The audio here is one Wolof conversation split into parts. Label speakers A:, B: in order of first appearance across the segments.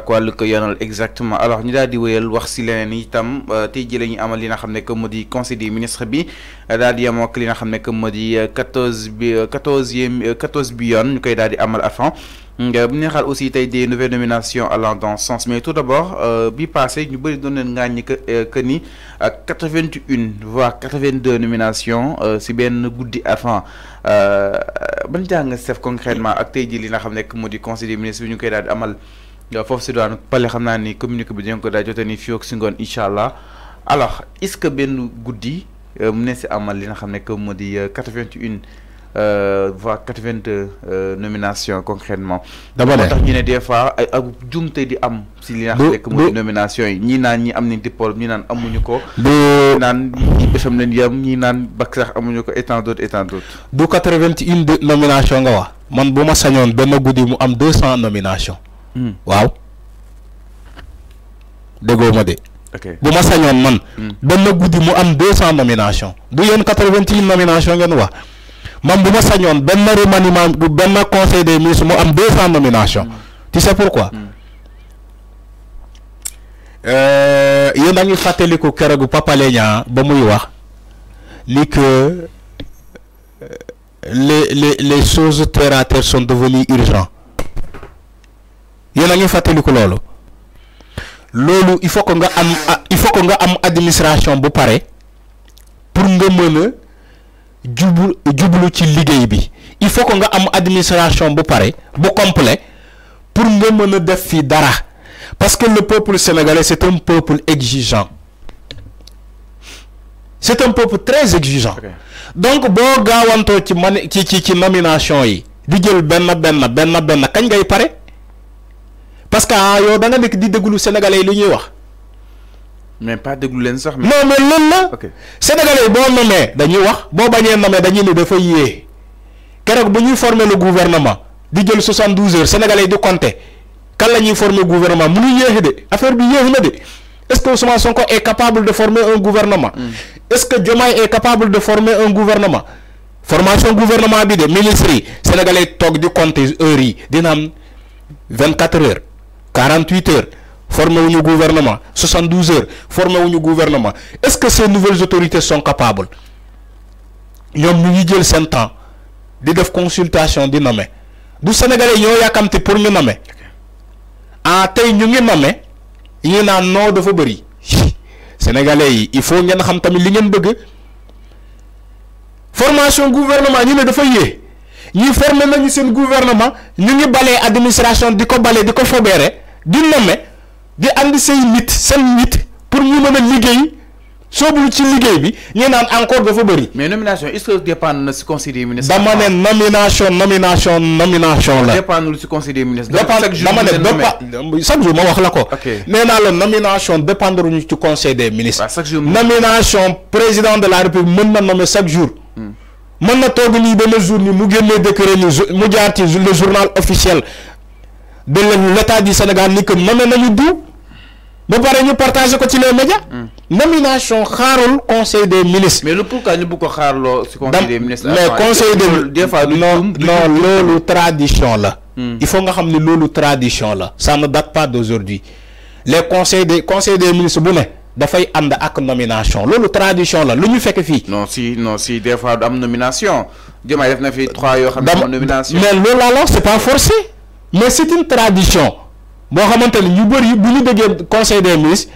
A: quoi le cayenne exactement alors nous avons dit que le voir si l'un ni tam t'es dit amalina comme comme dit conseil des ministres bi la diamant clé n'a pas a comme 14 14e 14 billion que l'on a dit amal afan nous avons aussi des nouvelles nominations à dans ce sens mais tout d'abord euh, bi passé du pouvons donner un que ni 81 euh, voire 82 nominations c'est bien good afan bon d'un concrètement acte et dit l'inachemne comme dit conseil des ministres nous qu'elle a amal waaw foofu si daanu pale xam naa ni communiqué bi dinañ ko daa jotee ni fii ak si ngoon incha allah alors est-ce que benn guddi euh, mu ne si amal li nga xam ne que moo di euh, quatre une euh, voire quatre-vingt-deux nomination concrètement dama ne moo tax ñu ne des fois ay ak jumte di am si li nga xam ne que di nomination yi ñii naan ñii am nañ diplôme ñii naan amuñu ko ñii naan ñi bésam leen yem ñii naan bac sax amuñu ko et tant d'autres et tant d'autres
B: du quatre-vingt-une nomination nga wax man bu ma sañoon benn guddi mu am deux cents nomination Hmm. waaw déggoo ma de. bu ma sañoon man. Hmm. benn du mu am 200 nominations du yéen quatre vingt et une nominations ngeen wax man bu ma remaniement du benn conseil des ministres mu am 200 nominations. Hmm. tu sais pourquoi. Euh, yéen a ngi fàttaliku keroog Papa Alé Niang ba muy wax ni que euh, les les les choses terre à terre sont devenues urgentes yéen a ngi fàttaliku loolu loolu il faut que nga am il faut que nga am administration bu pare pour nga mën a jublu jublu ci liggéey bi il faut que nga am administration bu pare bu complet pour nga mën a def fii dara parce que le peuple sénégalais c'est un peuple exigeant c'est un peuple très exigeant donc boo gaawantoo ci man ci ci ci nomination yi di jël benn benn benn benn kañ ngay pare parce que ah da nga nek di deglu sénégalais yi lu ñuy wax. mais pas deglu len sax. non mais lool la. sénégalais bo nomee dañuy wax bo bañé nomee dañuy ni dafa yé keroog bu ñuy former le gouvernement di jël 72 heures sénégalais di compter kan la ñuy former gouvernement mu ngi yéex de affaire bi dé de est-ce que Ousmane Sonko est capable de former un gouvernement. Hmm. est-ce que Diomaye est capable de former un gouvernement. formation gouvernement bi de ministère sénégalais tok di compter heures yi dina heures. 48 heures formé wuñu gouvernement 72 heures formé wuñu gouvernement est-ce que ces nouvelles autorités sont capables Nous ñu mis jël ans temps di def consultation di nommer du sénégalais ñoo yàkkamte pour nous nommer ah nous ñu ngi nommer ñu naan non dafa bëri sénégalais il faut que xam tamit li ngeen bëgg formation gouvernement ñu ne dafa Nous formons formé gouvernement Nous avons balee administration de ko balee de di nommé di andi say nit seen nit pour ñu mën a liggéey soobulu ci liggéey bi ñu naan encore dafa bëri.
A: mais nomination est-ce que dépend na conseil des ministres. dama né
B: nomination nomination nomination la.
A: dépendul du conseil des ministres. chaque jour dama
B: ne chaque jour ma wax la ko. ok nee la nomination dépendre ñu ci conseil des ministres. chaque jour nomination président de la république mën na nommer chaque jour. Hmm. mën na toog ba le jour ni mu gënné décret ni mu jaar ci le journal officiel de l'état du Sénégal ni que même nañu Doudou ba paré ñu partager ko ci les médias. Hmm. nomination xarul conseil des ministres. mais le pourquoi ñu bu ko xaarloo ci conseil des ministres. mais conseil des des fois non non lolu tradition la. Hmm. il faut nga xamni lolu tradition la. ça ne date pas d'aujourd'hui les conseils des conseil des ministres bu da fay ànd ak nomination lolu
A: tradition la lu ñu fekk fi non si non si des fois am nomination Dieu def na fi trois yo xam
B: nomination mais loolu ce c'est pas forcé mais c'est une tradition Bon, comment ne ñu bëri bu conseil des ministres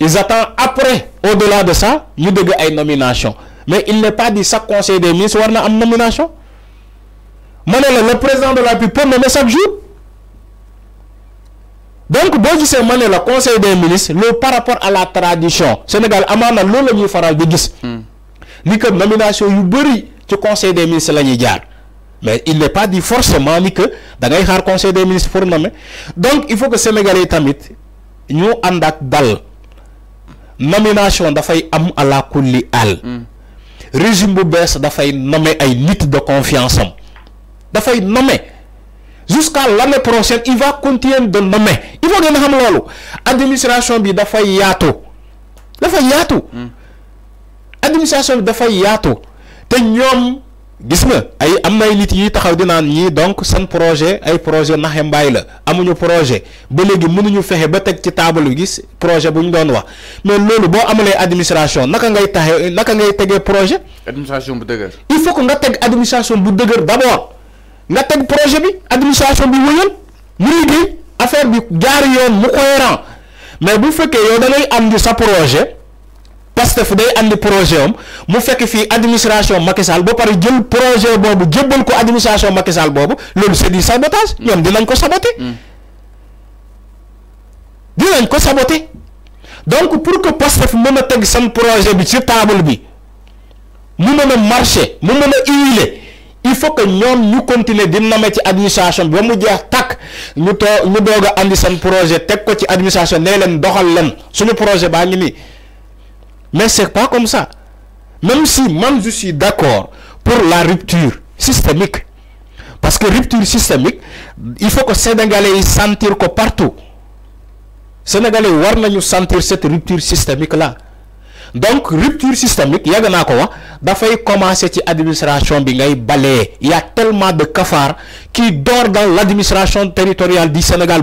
B: ils attendent après au-delà de ça nous dégg une nomination mais il n'est pas dit ça conseil des ministres ou une nomination ma le président de la République peut nommer chaque jour donc bon je ma conseil des ministres le par rapport à la tradition Sénégal amaana loolu la ñuy faral di hmm. ni que nomination yu conseil des ministres la jaar mais il n'est pas dit forcément ni que da conseil des ministres pour nommer donc il faut que sénégalais tamit nous en dal nomination fay am ala kulli al mm. régime bu da Fay nommer ay nit de confiance da dafay nommer jusqu'à l'année prochaine il va continuer de nommer il faut ngeen xam à administration bi yato da fay administration bi fay yato te gis nga ay am na ay nit yi taxaw di naan ñii donc seen projet ay projet naxe mbaay la amuñu projet ba léegi mënuñu fexe ba teg ci taabal bi gis projet bu ñu doon wax mais loolu boo amalee administration naka ngay taxe naka ngay tegee projet.
A: administration bu dëgër.
B: il faut que nga teg administration bu dëgër d'abord nga teg projet bi administration bi wëyal muy gi affaire bi jaar yoon mu cohérent mais bu fekkee yow da am di sa projet. parce que day andi projet mu fekk fi administration Macky Sall ba pare jël projet bobu jébbal ko administration Macky Sall bobu lolu c'est du sabotage. ñom di lañ ko saboter di lañ ko saboter donc pour que Pastef mëna a sam projet bi ci table bi mu mën a mu mën huiler il faut que ñoom ñu continuer di name ci administration ba mu jeex tak ñu to ñu doog andi sam projet tek ko ci administration nee leen doxal leen suñu projet ba ngi ni mais ce n'est pas comme ça. Même si même je suis d'accord pour la rupture systémique, parce que rupture systémique, il faut que Sénégalais sentent que partout. Sénégalais doivent sentir cette rupture systémique-là. Donc, rupture systémique, il y a des commencer Il y a tellement de cafards qui dorment dans l'administration territoriale du Sénégal.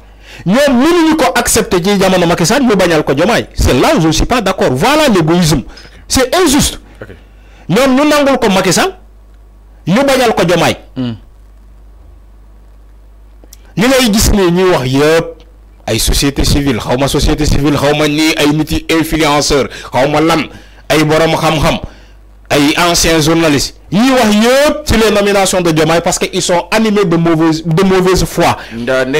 B: nous mënuñu nous accepter ci jamono Macky Sall bañal c'est là où je suis pas d'accord voilà l'égoïsme c'est injuste Nous, nous nangul ko Macky Nous nous bañal ko Nous hmm. li gis Nous wax société civile société civile influenceur ay anciens journalistes yi wax les nominations de Diomaye parce qu'ils sont animés de mauvaise de mauvaise foi. elle ne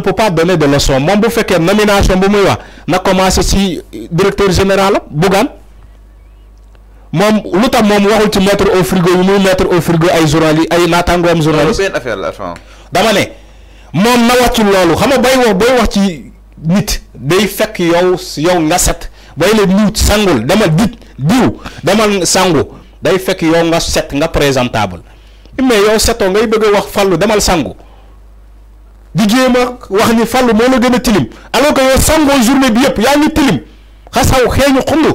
B: peut pas donner de leçon nomination na commencé si directeur général bougan moom lu tax moom waxul ci mettre au frigo bi muy mettre au frigo ay journal ay naataangoom journaliste
A: benn
B: dama ne moom na wàccu loolu xam nga bay wax bay wax ci nit day fekk yow yow nga set bay la niw sangul dama dit diw dama sangu day fekk yow nga set nga présentable mais yow setoo ngay bëgg wax fàllu demal sangu di jéem a wax ni fàllu moo la gën a tilim alors que sangoo journée bi yëpp yaa ngi tilim xasaw xeeñu xund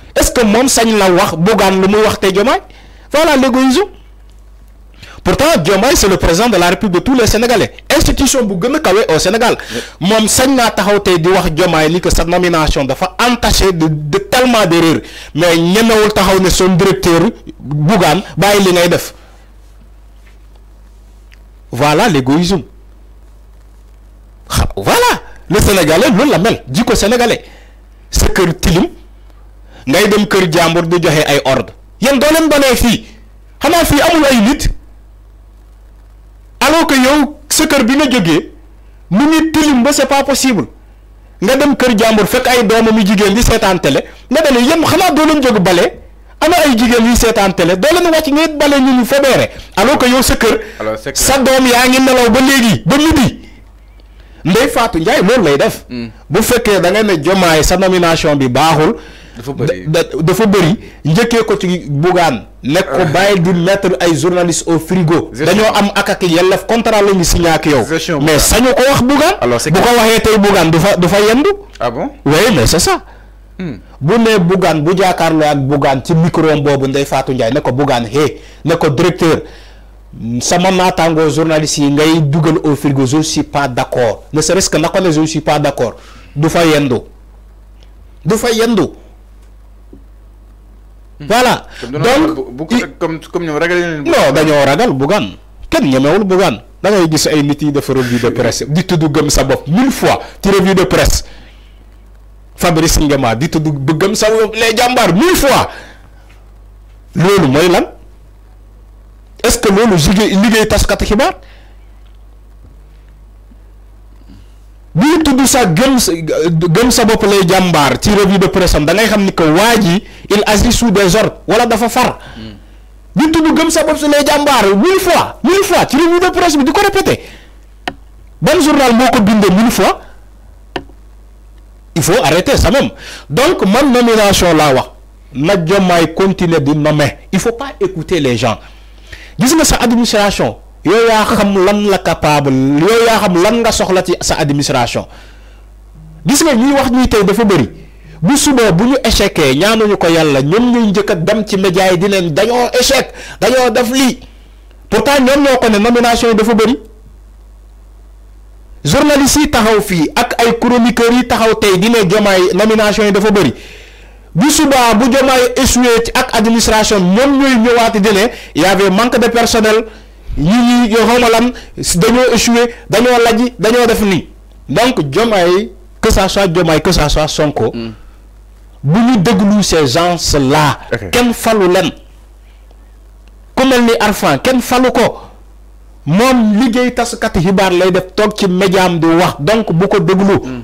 B: est-ce que mon sañ la wax bougan le wax voilà l'égoïsme pourtant Diomaye c'est le président de la République de tous les Sénégalais institution bu au Sénégal Mom sañ na taxaw Diomaye que sa nomination dafa entachée de de tellement d'erreurs mais pas taxaw de son directeur Bougane li def voilà l'égoïsme voilà le Sénégalais le la du coup Sénégalais c'est que tilim ngay dem kër jàmbur di joxe ay ord yéen doo leen banee fii xanaa fii amul ay nit alors que yow sa kër bi nga jógee mu ngi tilim ba c'est pas possible nga dem kër jàmbur fekk ay doomam yu jigéen di seetaan télé nga demee yéen xanaa doo leen jóg bale ana ay jigéen yuy seetaan télé doo leen wàcc ngay bale ñu ñu fédéré alors que yow sa kër. sa doom yaa ngi nelaw ba léegi ba midi. Ndeye Fatou Ndiaye loolu lay def. Hmm. bu fekkee da nga ne jomaay sa nomination bi baaxul. dafa bëri dafa bëri njëkkee ko ci Bougane nekk ko ah. bàyyi di mettre ay journaliste au frigo. dañoo am ak ak yellef contrat la ñu signé ak yow. mais sañu ko wax Bougane. alors bu ko waxee tey Bougane du fa du fa yendu. ah bon oui mais c'est ça. Hmm. bu nee Bougane bu jaakaarloo ak Bougane ci micro boobu ndey faatu Ndiaye ne ko Bougane hey ne ko directeur. sama naataangoo journaliste yi ngay dugal au frigo je ne suis pas d' accord ne serait-ce que naka ne je ne suis pas d' du fa yendu du fa Hmm. voilà donc comme comme ñoom ragal nañu non dañoo ragal Bougane kenn ñemewul Bougane da ngay gis ay nit yi dafa revue de presse di tudd gëm sa bopp mille fois ci revue de presse Fabrice Ngema di tudd bu bopp les jàmbaar mille fois loolu mooy lan est-ce que loolu liggéey liggéey taskati xibaar. bu sa gëm gëm sa bopp lay jàmbaar ci revue de pression da ni que waji il sous des ordres wala dafa far. sa fois fois de bi journal il faut arrêter ça même donc man nomination na jamais continuer di nommer il faut pas écouter les gens gis nga sa administration. yow yaa xam lan la capable yow yaa xam lan nga soxla ci sa administration gis nga ñuy wax ñuy tey dafa bëri bu suba bu ñu échecee ñaanuñu ko yàlla ñoom ñuy njëkk a dem ci média yi di dañoo échec dañoo def lii pourtant ñoom ñoo ko ne nomination yi dafa bëri journaliste yi taxaw fii ak ay chroniqueurs yi taxaw tey di ne jomaay nomination yi dafa bëri bu subaa bu jomaay échoué ci ak administration ñoom ñooy ñëwaati di ne y manque de personnel. yi ñuy yoo xawma lan dañoo échoué dañoo lajj dañoo def nii donc Diomaye que ça soit Diomaye que ça soit Sonko. Mm. bu ñu déglu ces gens là. kenn falu leen ku mel ni Arfan kenn falu ko moom liggéey taskati xibaar lay def toog ci médiam di wax donc bu ko déglu. Mm.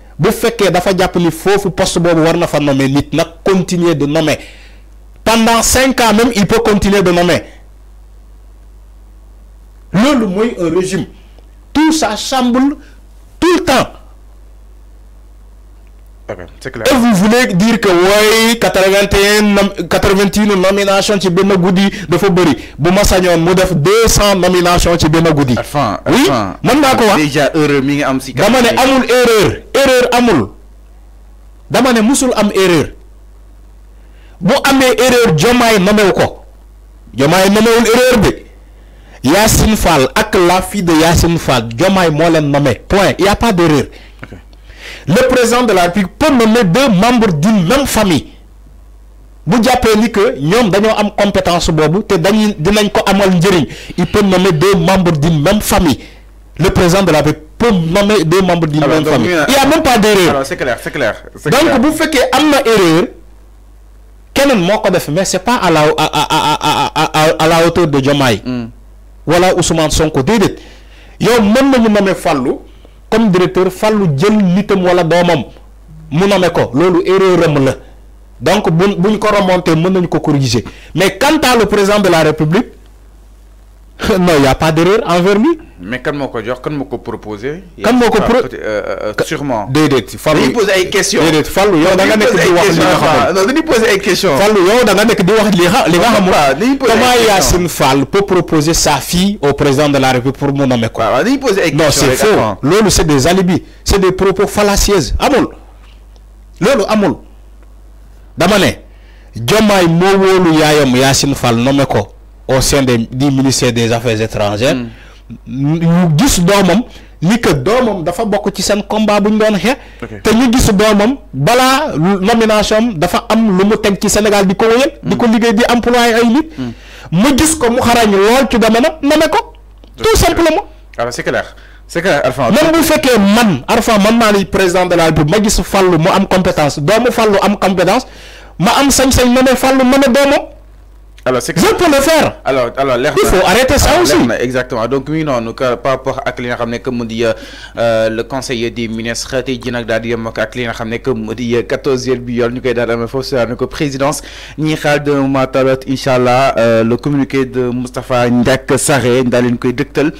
B: bu fekkee dafa jàpp ni foofu poste boobu war na fa nommer nit nag continuer de nommer pendant cinq ans même il peut continuer de nommer loolu mooy un régime tout ça chamboule tout le temps et vous voulez dire que oui 81 81 nomination ci Goudi de dafa bëri bu ma sañoon mu def 200 nomination ci benn Goudi. oui mën naa ko wax déjà erreur mi ngi am si. dama amul erreur erreur amul dama ne musul am erreur bu amé erreur jomaay nomew ko jomaay nomewul erreur be. Yacine Fall ak la fille de Yassine Fall jomaay moo leen point il n'y a pas d'erreur le président de la République peut nommer deux membres d'une même famille Vous avez que ñoom dañoo am compétence au te dañuy il peut nommer deux membres d'une même famille le président de la République peut nommer deux membres d'une même famille euh, il n'y a même pas d'erreur
A: c'est clair c'est clair donc bu y
B: a une erreur keneen moo ko def mais c'est pas à la à la hauteur de ce hmm. wala Ousmane Sonko y a même nañu nommer Fallou comme directeur fallu jël litam wala domam mu nomé ko loolu erreur am la donc buñ ko remonté meun nañ ko corriger mais quant à le président de la république non il y a pas d'erreur envers lui
A: mais kan moo ko jox kan moo ko proposé. kan moo ko sûrement. déedéet Fallou dañuy posé ay questions déedéet fallu. Il da nga nekk di wax li nga xam non
B: dañuy posé ay questions. Fallu, il y a des gens qui li nga li nga xamul. comment Yassine Fall peut proposer sa fille au président de la République pour mon nom ko. waaw dañuy posé questions non c'est faux loolu c'est des alibis c'est des propos fallacieuses amol. loolu amul Damane. ne Diomaye moo Yassine Fall nommé quoi, au sein des du ministère des affaires étrangères. Hmm nous gis doomam ni que doomam dafa bokk ci seen combat bu ñu doon xeex te ñu gis doomam balaa nomination dafa am lu mu teg ci Sénégal di ko wëyal di hmm. ko liggéey di employé ay nit hmm. mu gis ko mu xarañ lool ci domaine am tout simplement
A: alors c'est clair c'est clair même bu
B: fekkee man man maa ni président de la République ma gis le mu am compétence doomu fallu am compétence ma am sañ-sañ alors c'est
A: que le faire alors alors il faut arrêter ça aussi exactement donc oui non. que euh, par rapport à li nga xam dit euh, euh, le conseiller des ministres tey jii nag daal di yem ak li nga xam ne que mu di quatorzième bi yoon ñu koy ko présidence ñi de ma talat incha le communiqué de Mustafa Ndiack Sarré daal leen koy dëgtal.